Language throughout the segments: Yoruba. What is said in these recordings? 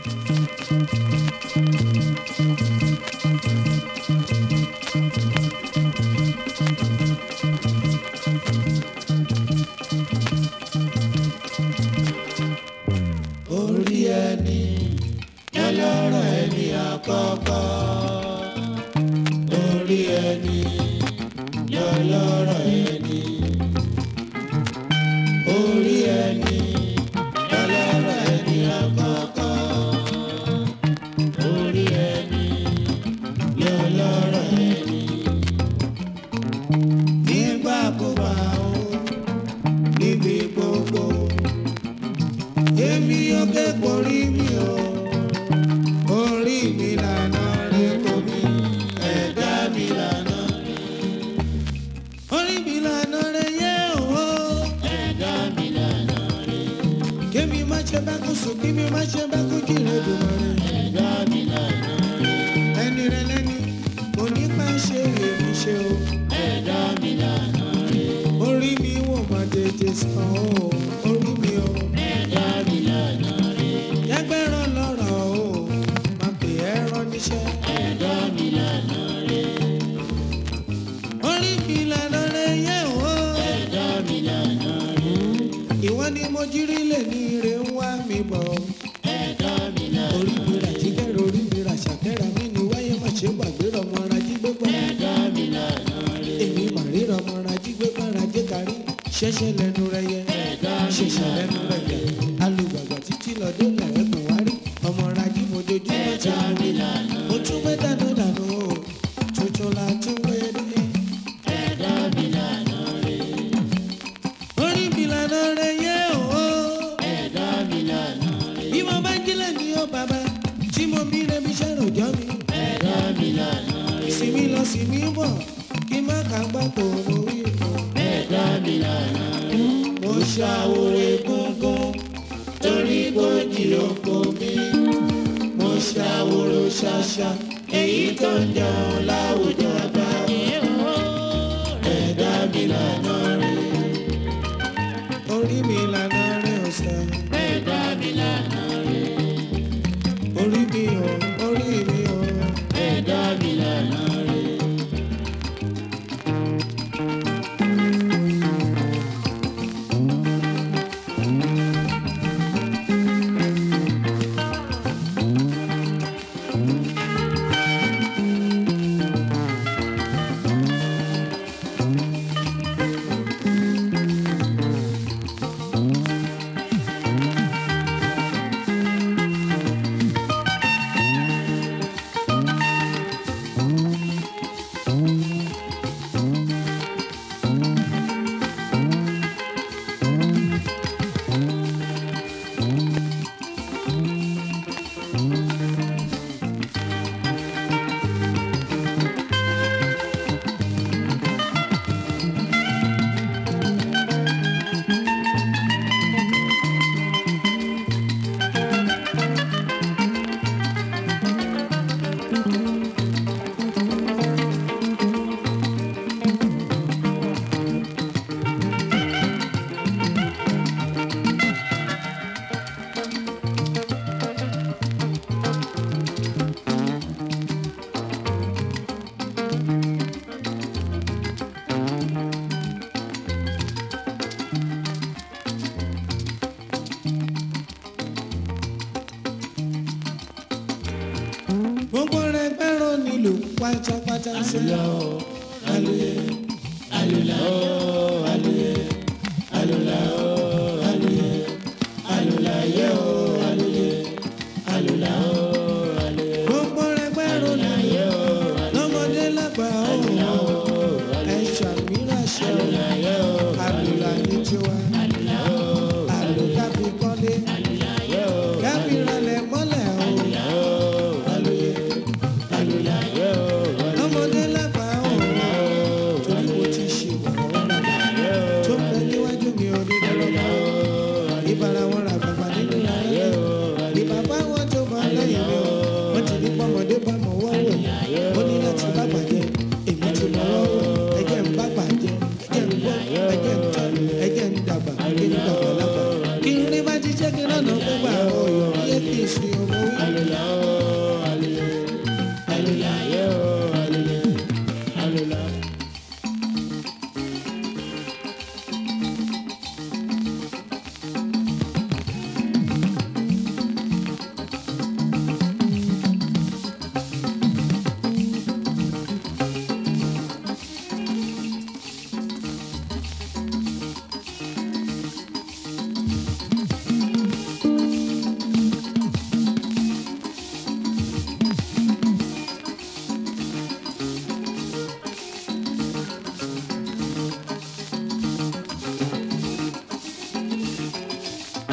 Thank you. his own. lẹ́nu rẹ̀ yẹ ṣèṣe lẹ́nu rẹ̀ yẹ alùpàgbà títí lọ́dún lẹ́ẹ̀kùn wárí ọmọ rají mojoojúmọ́ ṣe òkò bí mo ṣàwòrò ṣàṣà èyí tó ń jọ. pátápátá sẹ́yìn. àlùlá o àlùlá o àlùlá o.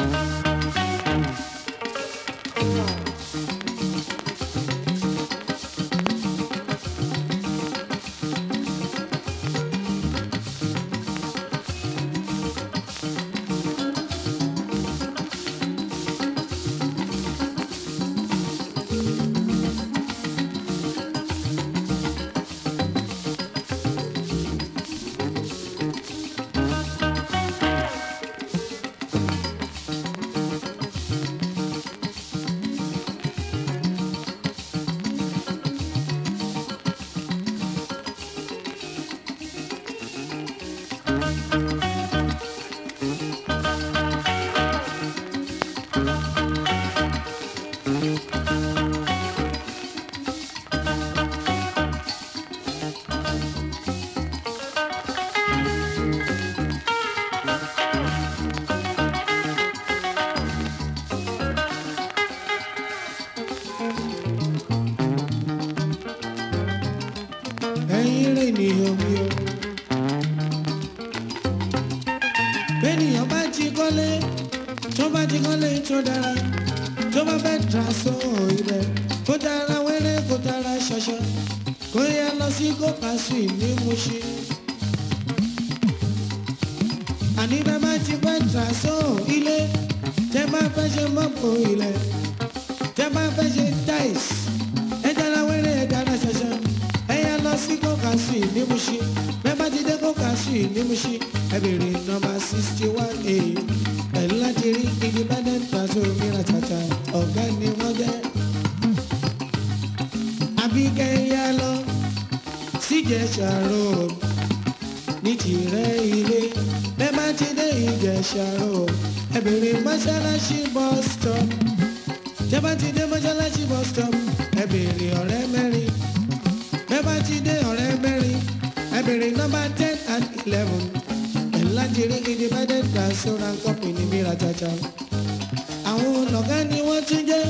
Thank you. ẹ̀yin rẹ̀ nìyàn mi o. bẹ́ẹ̀nìyàn bá jí kọ́lé tó bá jí kọ́lé tó dára tó bá fẹ́ tra sóhùn ibẹ̀ kó dára wẹ́rẹ́ kó dára ṣoṣo kó yá lọ sí kópa sí ti fẹ́ tra ilé tẹ́ bá fẹ́ ṣe mọ́pò ilẹ̀. nọmba sí ní Mùṣí mẹ́mbà ti dé kó kà sí ní Mùṣí ẹ bèrè nọmba sixty one a pẹ̀lú láti rí independent Paso mìíràn tàtà ọ̀gá ni wọ́n jẹ́. Àbíkẹ́ yá lọ síjẹ̀ṣà road ní tìrẹ ilé mẹ́mbà ti dé Ìjẹ̀ṣà road ẹ bèrè mọ́ṣáláṣí bus stop jẹ́bà ti dé mọ́ṣáláṣí bus stop ẹ bèrè ọ̀rẹ́ mẹ́rin sátidé ọ̀rẹ́ bẹ́rin ẹbẹ̀rin nọ́mbà ten and eleven ẹ̀ńlájìrí independent restaurant company mìíràn jàjà. àwọn ọ̀nàgá ni wọ́n tún jẹ́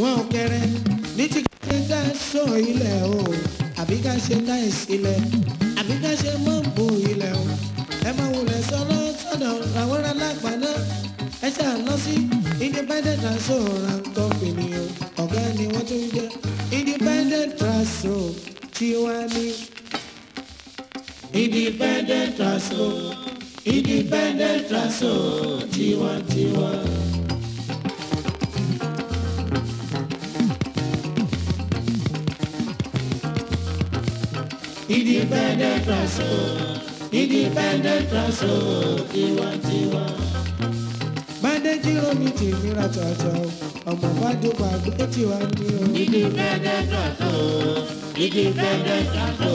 wọn ò kéré ní ti ká dá sọ ilẹ̀ o àbí ká ṣe náìsì ilẹ̀ àbí ká ṣe mọ́ọ̀bù ilẹ̀ o ẹ máa wulẹ̀ sọ́nà sọ́nà àwọn alágbàná ẹ ṣáà lọ sí independent restaurant company o ọ̀gá ni wọ́n tún jẹ́. Independent Traso tiwa ni. Independent Traso Independent Traso tiwantiwa. Independent Traso Independent Traso tiwantiwa. Adéjì omi tèmi ra tọ̀tọ̀ ọmọ wájú pàgbé tiwa ní o. Igi bẹ́ẹ̀dẹ̀ tọ̀tọ̀ igi bẹ́ẹ̀dẹ̀ tọ̀tọ̀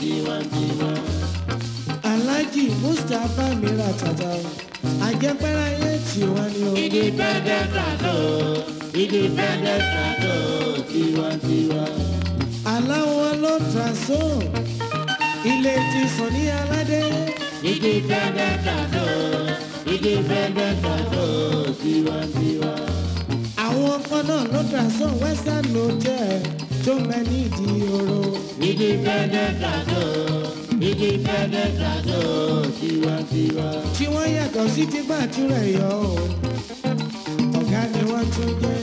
tiwantiwa. Alhaji Mustapha mi ra tọ̀tọ̀ àjẹpẹ́rẹ́ ayé tiwa ní o. Igi bẹ́ẹ̀dẹ̀ tọ̀tọ̀ igi bẹ́ẹ̀dẹ̀ tọ̀tọ̀ tiwantiwa. Aláwọ̀ ló ilé ti sùn ní aládé. Igi bẹ́ẹ̀dẹ̀ tọ̀tọ̀ independent àtọ̀ tiwantiwa. àwọn kan náà ló dà sọ western hotel tó mẹ́ni ìdí oró. independent àtọ̀ independent àtọ̀ tiwantiwa. tí wọ́n yàtọ̀ sí ti gbàtúrà yọ o ọ̀gá ni wọ́n tún jẹ́.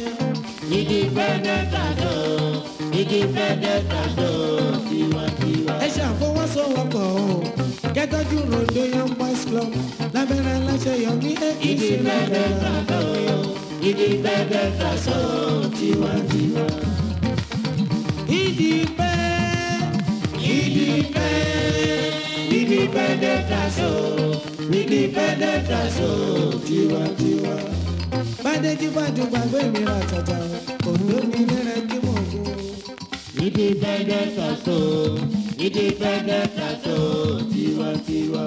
independent àtọ̀ independent àtọ̀ tiwantiwa. ẹ ṣàfọwọ́sowọ́pọ̀ o jẹ́tọ́jú rondo young boys club lábẹ́rẹ́ aláṣẹ yọmí èkì sí lẹ́dẹ̀ lọ́dọ̀ yọ ìdí bẹ́ẹ̀dẹ̀ daṣọ tiwantiwa. ìdí bẹ́ẹ̀ ìdí bẹ́ẹ̀ ìdí bẹ́ẹ̀dẹ̀ daṣọ ìdí bẹ́ẹ̀dẹ̀ daṣọ tiwantiwa. bàdéjì bàdùn gbàgbé mi ra tàtà òun ló ní nírẹ́ kí mò ń kú. ìdí bẹ́ẹ̀dẹ̀ daṣọ ìdípẹ́ndẹ́ta tó tiwantiwa.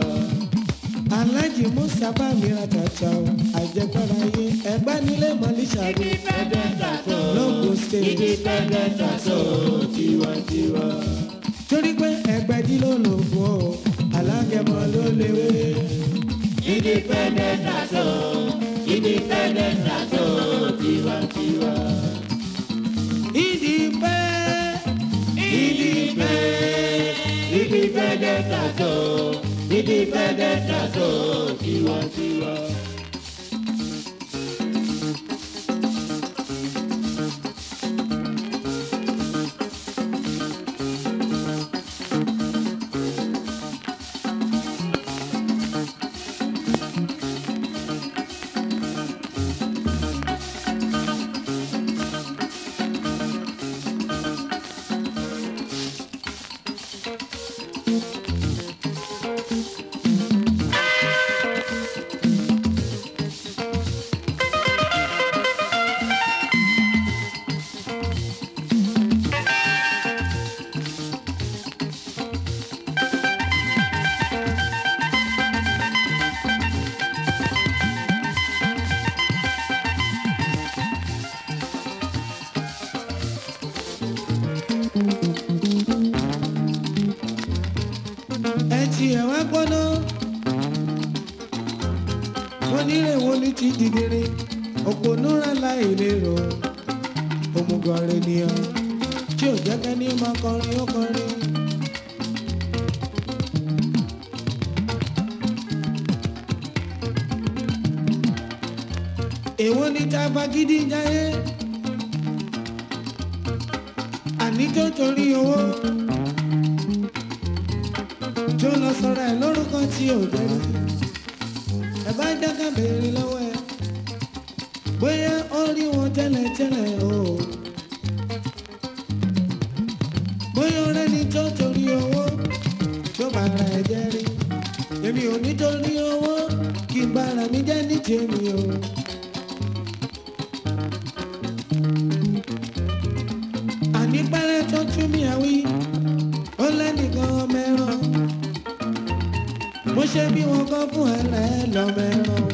Aláàjì Musa bá mi ra tàtà o, àjẹgbára yé ẹgbẹ́ nílé Mọ́lísà mi. Ìdípẹ́ndẹ́ta tó lóògùn state. Ìdípẹ́ndẹ́ta tó tiwantiwa. Torí pé ẹgbẹ́jì ló lò fún ọ, alágẹmọ ló léwé. Ìdípẹ́ndẹ́ta tó ìdípẹ́ndẹ́ta tó tiwantiwa. Ìdípẹ́ ìdípẹ́ independent as o independent as o tiwantiwa. kí òpònúra láì lérò òmùgọ̀rẹ́ nìyẹn tí ò jẹ́ kẹ́ni máa kọrin ó èwo ni tábà gidi jayé àní tó torí owó tó lọ sọ̀rọ̀ ẹ̀ lórúkọ tí ò jẹ́rìí ẹ̀ bá dákẹ́ lọ́wọ́ ẹ̀ bóyá ó rí wọn jẹ́lẹ̀jẹ́lẹ̀ o. bóyá ọ̀rẹ́ ni tó torí owó tó bá ara ẹ̀ jẹ́ rí. èmi ò ní torí owó kí n bá ara mi jẹ́ ní tèmi o. àní pẹ́rẹ́ tó tún mi àwí ó lẹ́nìkan ọmọ ẹran mo ṣe bí wọn kọ́ fún ẹ̀rẹ́ lọ́mọ ẹran.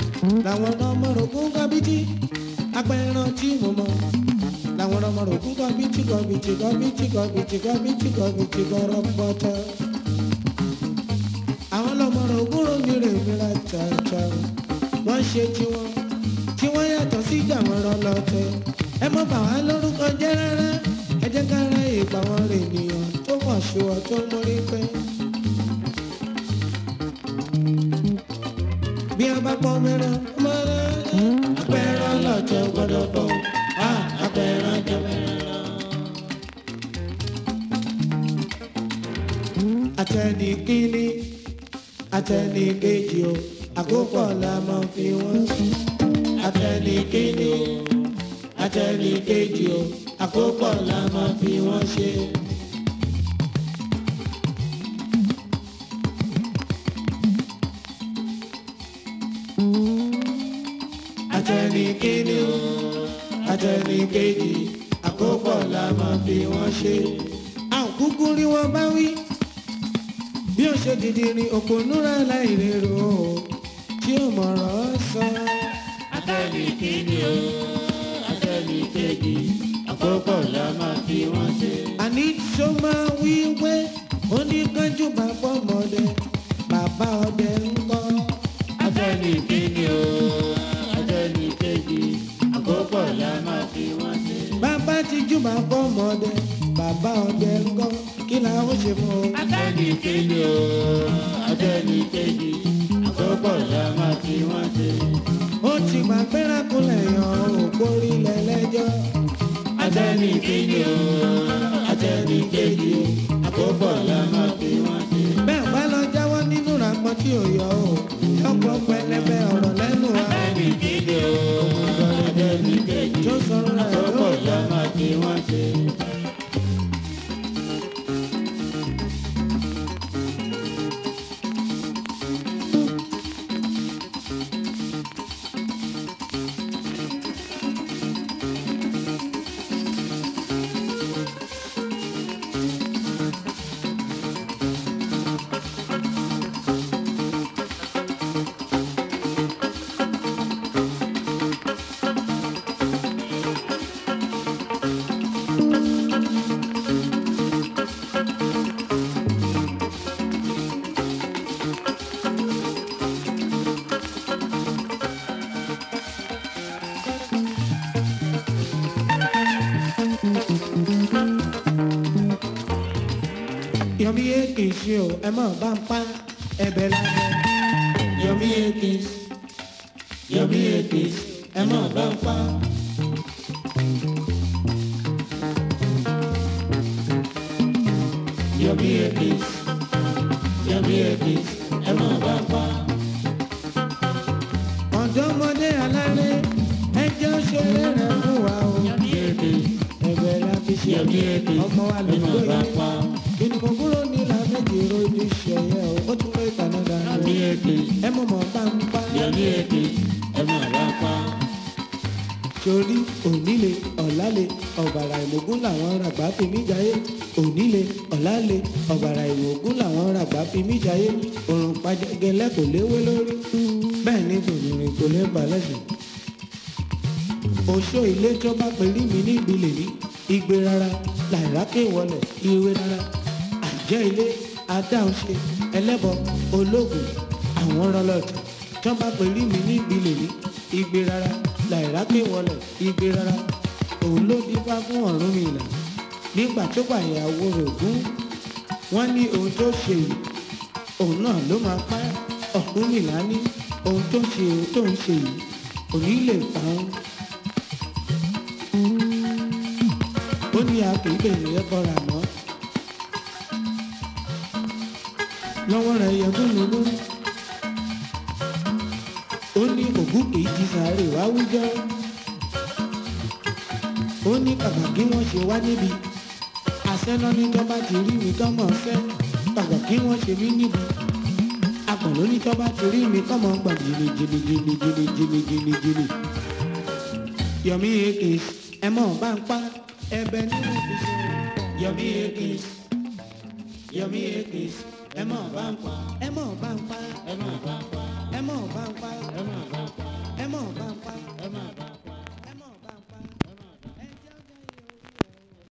làwọn ọmọ rògún kọ́bítì apẹ̀rán tí mo mọ̀ làwọn ọmọ rògún kọ́bítì kọ́bítì kọ́bítì kọ́bítì kọ́bítì kọ́bítì kọ́rọ́ pọ́tọ́. àwọn ọmọ rògún rògún rè mìíràn tààtà wọ́n ṣe tiwọn tí wọ́n yàtọ̀ sí ìjàmọ̀ràn lọ́tẹ̀ ẹ mọ́ bà wá lórúkọ jẹ́ rárá ẹ jẹ́ ká ra ìgbà wọn rè nìyàn tó mọ̀ ṣùwọ̀ tó mórí pẹ́. bá pọ̀ mẹ́rán mọ́rán apẹ̀rán lọ́jọ́ gbọ́dọ̀ bọ̀ apẹ̀rán jẹ́ mẹ́rán. àtẹnikíní àtẹnikejì o àkópọ̀ la máa fi wọ́n sùn. àtẹnikíní àtẹnikejì o àkópọ̀ la máa fi wọ́n ṣe. kejì àkópọ̀ la máa fi wọ́n ṣe. àwọn kúkú rí wọn bá wí bí ó ṣe dìde rin òpónúra láìrèrò tí ó mọ̀rọ̀ sọ. abẹ́lì kejì o abẹ́lì kejì àkópọ̀ la máa fi wọ́n ṣe. àní tó máa wí pé oníkanjú bàbá ọmọdé bàbá ọdẹ ń kọ́. bá ń fọ́ ọmọdé bàbá ọdẹ ń gọ́ kí la ó ṣe fún o. atẹ́ni kejì o atẹ́ni kejì àtọ́pọ̀ ìyàmá tí wọ́n ṣe. ó ti gbà gbérakunlẹ̀ yan òkórí lẹ́lẹ́jọ́. atẹ́ni kejì o atẹ́ni kejì àtọ́pọ̀ ìyàmá tí wọ́n ṣe. bẹ́ẹ̀ bá lọ jáwọ́ nínú ràpọ̀ tí ò yọ o ọkọ̀ pẹlẹbẹ ọ̀rọ̀ lẹ́nu wa. atẹ́ni kejì o atẹ́ni kejì. kì í ṣe o ẹ mọ̀ bá ń pa ẹbẹ̀ lábẹ́. Yomi Akins Yomi Akins ẹ mọ̀ bá ń pa. Yomi Akins Yomi Akins ẹ mọ̀ bá ń pa. ọ̀dọ́mọdé aláré ẹjọ́ ṣeré rẹ̀ fún wa o. Yomi Akins ẹbẹ̀ la fi ṣe ọmọ wa lóko yẹn. mo gbọ́. èdè ẹ mọ̀ mọ̀ bá ń bá ní ọní èdè ẹ mọ̀ bá ń bá. torí onílé ọ̀làlẹ̀ ọ̀bàrà ìmọ̀gún làwọn ràgbà fi mí jayé onílé ọ̀làlẹ̀ ọ̀bàrà ìmọ̀gún làwọn ràgbà fi mí jayé òrùn pàjẹgẹlẹ kò léwé lórí bẹ́ẹ̀ ni tòmìnrin kò lè balẹ̀ jù. oṣó ilé tó bá pèrí mi ní ìbílẹ̀ mi igbe rárá làìrákè wọlé ìwé rárá àjẹ́ ilé adáhunṣe ẹlẹ́bọ ológun àwọn rọlọ tí wọn bá pè rí mi ní ìgbìlè rí igbe rárá làìrá pé wọlé igbe rárá òun ló dífá fún Ọ̀rúnmìlà nígbà tó pa ìyàwó rẹ̀ gún wọn ní ohun tó ṣe yìí òun náà ló máa pa Ọ̀rúnmìlà ní ohun tó ṣe ohun tó ń ṣe yìí òní lè pa ọ́n. ó ní a kì í bèrè ẹbọra mọ́ lọ́wọ́ rẹ̀ yẹ kó lóyún ní èjì sàárè wá wújọ́ ó ní kàkà kí wọ́n ṣe wá níbi àṣẹ́nà ní tọ́ba ti rí mi tọ́mọ fẹ́ kàkà kí wọ́n ṣe mí níbi akọ̀ló ní tọ́ba ti rí mi tọ́mọ gbà jìnnì jìnnì jìnnì jìnnì jìnnì jìnnì jìnnì yọ̀mí èkì ẹ mọ̀ bá ń pa ẹbẹ nínú ìfisọ yọ̀mí èkì yọ̀mí èkì ẹ mọ̀ bá ń pa ẹ mọ̀ bá ń pa ẹ mọ̀ bá ń pa ẹ mọ̀ bá ń